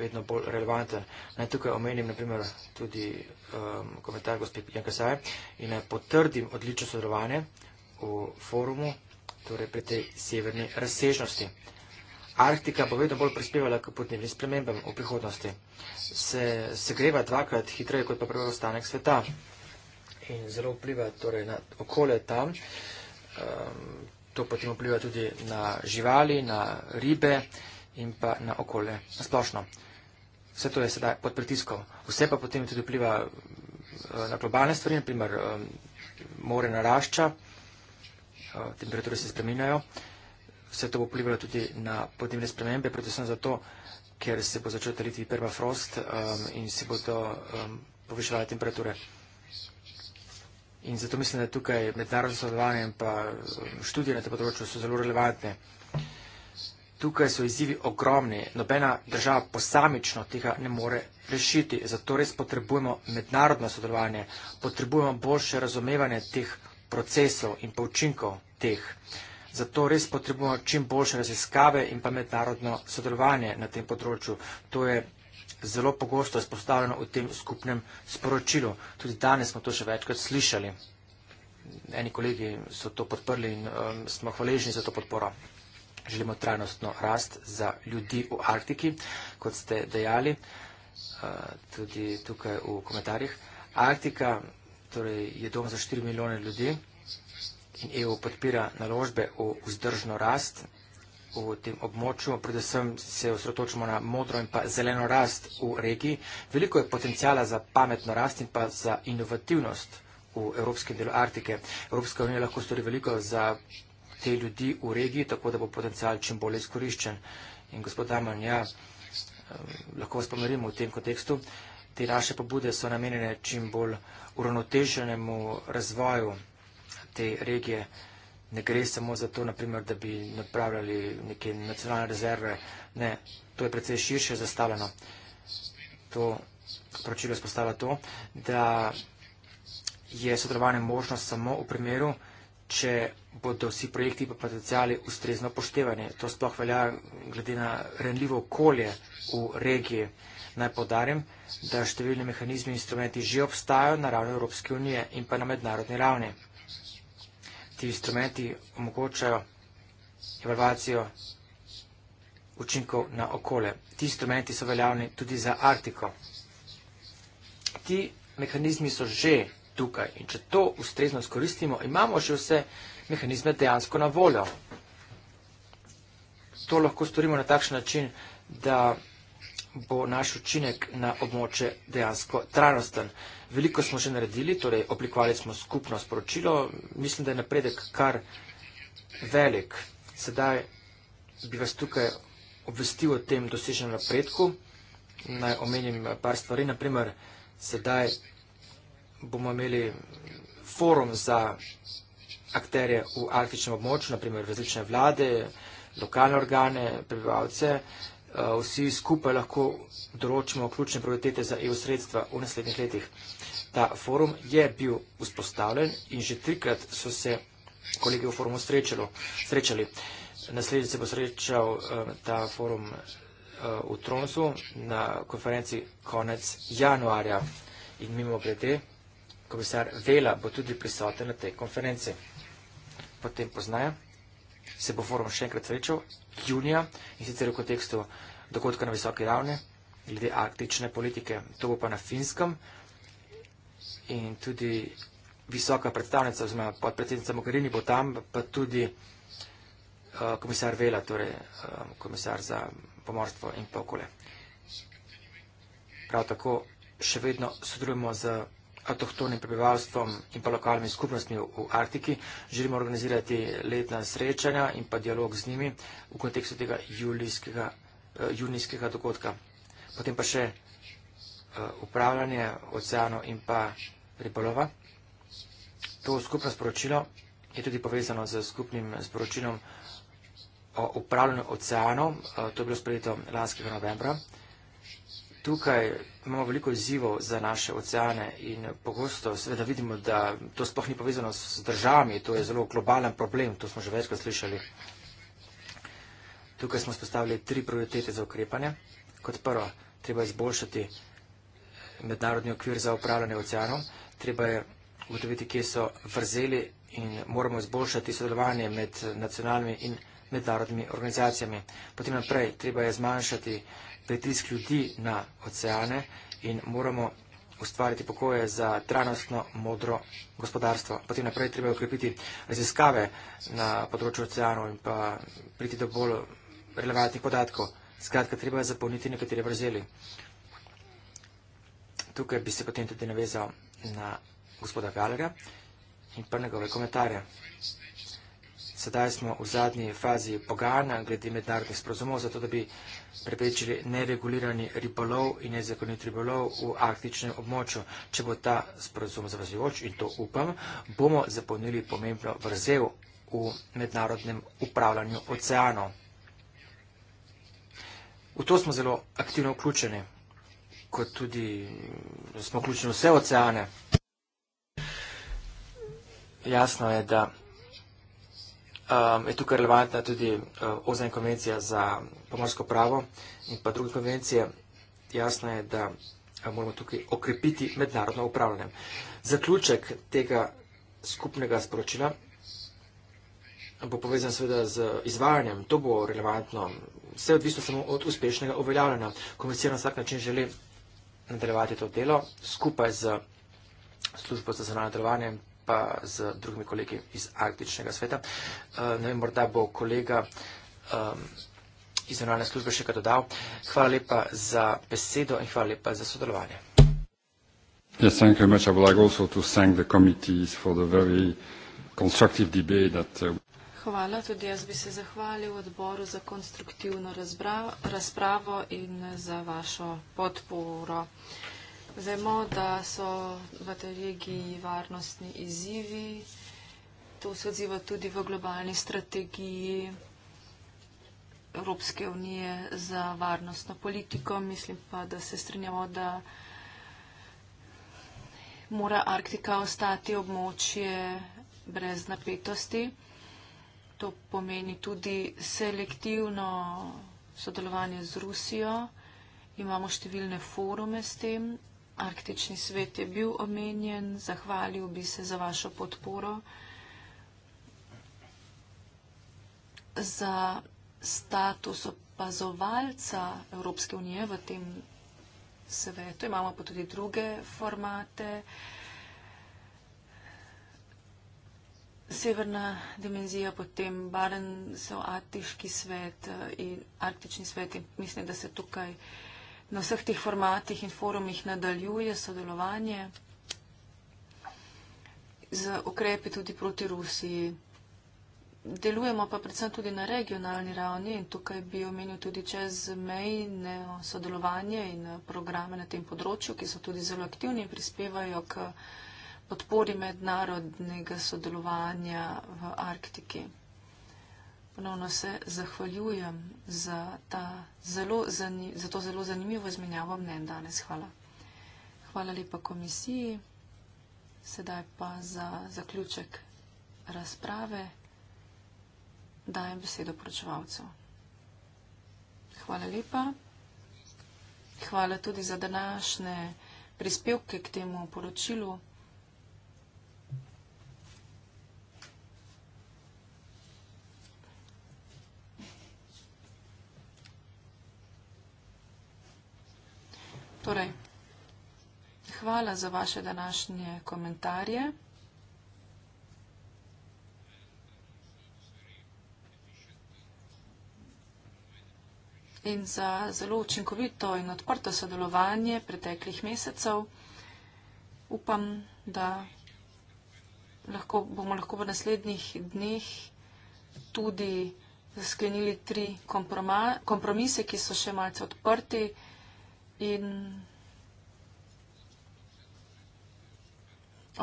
vedno bolj relevanten. Naj tukaj omenim naprimer tudi um, komentar gospe Pijanka Saje in naj potrdim odlično sodelovanje v forumu, torej pri tej severni razsežnosti. Arktika bo vedno bolj prispevala k podnebnim spremembam v prihodnosti. Se segreva dvakrat hitreje kot pa preostanek sveta in zelo vpliva torej na okolje tam. Um, to potem vpliva tudi na živali, na ribe in pa na okolje na splošno. Vse to je sedaj pod pritiskom. Vse pa potem tudi vpliva eh, na globalne stvari, naprimer um, ehm, more narašča, uh, temperature se spreminjajo. Uh, vse to bo vplivalo tudi na podnebne spremembe, predvsem zato, ker se bo začel taliti permafrost um, in se bodo um, povišale temperature. In zato mislim, da tukaj mednarodno sodelovanje in pa um, študije na tem področju so zelo relevantne. Tukaj so izzivi ogromni, nobena država posamično tega ne more rešiti. Zato res potrebujemo mednarodno sodelovanje, potrebujemo boljše razumevanje teh procesov in pa učinkov teh. Uh, Zato res potrebujemo čim boljše raziskave in pa mednarodno sodelovanje na tem področju. To je zelo pogosto izpostavljeno v tem skupnem sporočilu. Tudi danes smo to še večkrat slišali. Eni kolegi so to podprli in um, smo hvaležni za to podporo. Želimo trajnostno rast za ljudi v Arktiki, kot ste dejali uh, tudi tukaj v komentarjih. Arktika torej, je dom za 4 milijone ljudi in EU podpira naložbe v vzdržno rast v tem območju, predvsem se osredotočimo na modro in pa zeleno rast v regiji. Veliko je potencijala za pametno rast in pa za inovativnost v evropskem delu Arktike. Evropska unija lahko stori veliko za te ljudi v regiji, tako da bo potencijal čim bolj izkoriščen. In gospod Daman, ja, eh, lahko vas pomerim v tem kontekstu. Te naše pobude so namenjene čim bolj uravnoteženemu razvoju te regije. Ne gre samo za to, naprimer, da bi napravljali neke nacionalne rezerve. Ne, to je precej širše zastavljeno. To pročilo spostavlja to, da je sodelovanje možno samo v primeru, če bodo vsi projekti in potencijali ustrezno poštevani. To sploh velja glede na renljivo okolje v regiji. Naj podarim, da številne mehanizmi in instrumenti že obstajajo na ravni Evropske unije in pa na mednarodni ravni ti instrumenti omogočajo evalvacijo učinkov na okolje. Ti instrumenti so veljavni tudi za Arktiko. Ti mehanizmi so že tukaj in če to ustrezno skoristimo, imamo že vse mehanizme dejansko na voljo. To lahko storimo na takšen način, da bo naš učinek na območje dejansko trajnosten. Veliko smo že naredili, torej oblikovali smo skupno sporočilo. Mislim, da je napredek kar velik. Sedaj bi vas tukaj obvestil o tem doseženem napredku. Naj omenim par stvari. Naprimer, sedaj bomo imeli forum za akterje v arktičnem območju, naprimer različne vlade, lokalne organe, prebivalce. Eh, vsi skupaj lahko določimo ključne prioritete za EU sredstva v naslednjih letih. Ta forum je bil vzpostavljen in že trikrat so se kolegi v forumu srečalo, srečali. Naslednji se bo srečal eh, ta forum eh, v Tronsu na konferenci konec januarja in mimo glede, komisar Vela bo tudi prisoten na tej konferenci. Potem poznajem se bo forum še enkrat srečal junija in sicer v kontekstu dogodka na visoki ravni glede arktične politike. To bo pa na finskem in tudi visoka predstavnica, oziroma podpredsednica Mogherini bo tam, pa tudi uh, komisar Vela, torej uh, komisar za pomorstvo in pa okolje. Prav tako še vedno sodelujemo z avtohtonim prebivalstvom in pa lokalnimi skupnostmi v Arktiki. Želimo organizirati letna srečanja in pa dialog z njimi v kontekstu tega julijskega, eh, junijskega dogodka. Potem pa še eh, upravljanje oceanov in pa ribolova. To skupno sporočilo je tudi povezano z skupnim sporočilom o upravljanju oceanov. Eh, to je bilo sprejeto lanskega novembra tukaj imamo veliko izzivov za naše oceane in pogosto seveda vidimo, da to sploh ni povezano s državami, to je zelo globalen problem, to smo že večkrat slišali. Tukaj smo spostavili tri prioritete za ukrepanje. Kot prvo, treba izboljšati mednarodni okvir za upravljanje oceanov, treba je ugotoviti, kje so vrzeli in moramo izboljšati sodelovanje med nacionalnimi in mednarodnimi organizacijami. Potem naprej, treba je zmanjšati pritisk ljudi na oceane in moramo ustvariti pokoje za trajnostno modro gospodarstvo. Potem naprej treba ukrepiti raziskave na področju oceanov in pa priti do bolj relevantnih podatkov. Skratka, treba je zapolniti nekatere vrzeli. Tukaj bi se potem tudi navezal na gospoda Galera in pa njegove komentarje. Sedaj smo v zadnji fazi pogajanja glede mednarodnih sprozumov, zato da bi preprečili neregulirani ribolov in nezakonit ribolov v arktičnem območju. Če bo ta sprozum zavazujoč in to upam, bomo zapolnili pomembno vrzel v mednarodnem upravljanju oceanov. V to smo zelo aktivno vključeni, kot tudi smo vključeni vse oceane. Jasno je, da Um, je tukaj relevantna tudi uh, ozna konvencija za pomorsko pravo in pa druge konvencije. Jasno je, da uh, moramo tukaj okrepiti mednarodno upravljanje. Zaključek tega skupnega sporočila bo povezan seveda z izvajanjem. To bo relevantno. Vse odvisno samo od uspešnega uveljavljanja. Komisija na vsak način želi nadaljevati to delo skupaj z službo za zanalno delovanje in pa z drugimi kolegi iz arktičnega sveta. Uh, ne vem, morda bo kolega um, iz generalne službe še kaj dodal. Hvala lepa za besedo in hvala lepa za sodelovanje. Yes, thank you very much. I would like also to thank the committees for the very constructive debate that. Uh... Hvala, tudi jaz bi se zahvalil odboru za konstruktivno razbra, razpravo in za vašo podporo. Uh, Vemo, da so v tej regiji varnostni izzivi. To se odziva tudi v globalni strategiji Evropske unije za varnostno politiko. Mislim pa, da se strinjamo, da mora Arktika ostati območje brez napetosti. To pomeni tudi selektivno sodelovanje z Rusijo. Imamo številne forume s tem Arktični svet je bil omenjen, zahvalil bi se za vašo podporo, za status opazovalca Evropske unije v tem svetu. Imamo pa tudi druge formate. Severna dimenzija, potem Barenceo, Atiški svet eh, in Arktični svet. Mislim, da se tukaj. Uh, na vseh teh formatih in forumih nadaljuje sodelovanje z okrepi tudi proti Rusiji. Delujemo pa predvsem tudi na regionalni ravni in tukaj bi omenil tudi čez mejne sodelovanje in programe na tem področju, ki so tudi zelo aktivni in prispevajo k podpori mednarodnega sodelovanja v Arktiki. Ponovno se zahvaljujem za, ta zelo zani, za to zelo zanimivo izmenjavo mnen danes. Hvala. Hvala lepa komisiji. Sedaj pa za zaključek razprave dajem besedo poročevalcu. Hvala lepa. Hvala tudi za današnje prispevke k temu poročilu. Torej, hvala za vaše današnje komentarje. In za zelo učinkovito in odprto sodelovanje preteklih mesecev. Upam, da lahko, bomo lahko v naslednjih dneh tudi sklenili tri kompromise, ki so še malce odprti in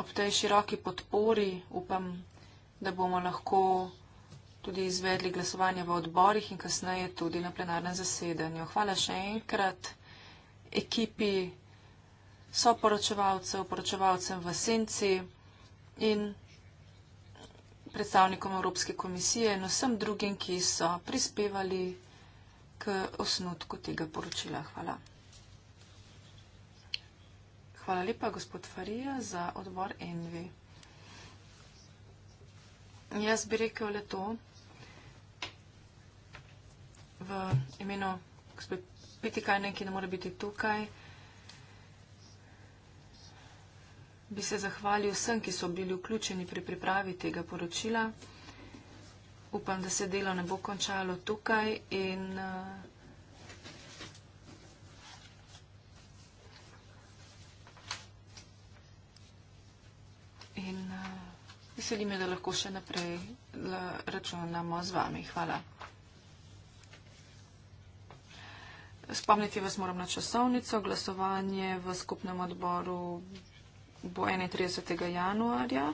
ob tej široki podpori upam, da bomo lahko tudi izvedli glasovanje v odborih in kasneje tudi na plenarnem zasedanju. Hvala še enkrat ekipi soporočevalcev, poročevalcem v senci in predstavnikom Evropske komisije in vsem drugim, ki so prispevali k osnutku tega poročila. Hvala. Hvala lepa, gospod Farija, za odbor Envi. Jaz bi rekel le to v imenu gospod Pitikajne, ki ne more biti tukaj. Bi se zahvalil vsem, ki so bili vključeni pri pripravi tega poročila. Upam, da se delo ne bo končalo tukaj in uh, in eh, veseli me, da lahko še naprej eh, računamo z vami. Hvala. Spomniti vas moram na časovnico. Glasovanje v skupnem odboru bo 31. januarja.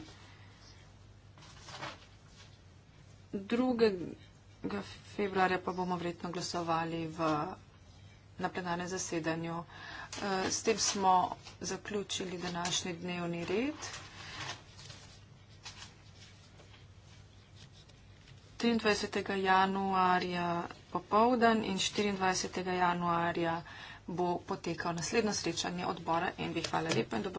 2. februarja pa bomo vredno glasovali v, na plenarnem zasedanju. Eh, s tem smo zaključili današnji dnevni red. 23. januarja popovdan in 24. januarja bo potekal naslednje srečanje odbora NB. Hvala lepa in dobro.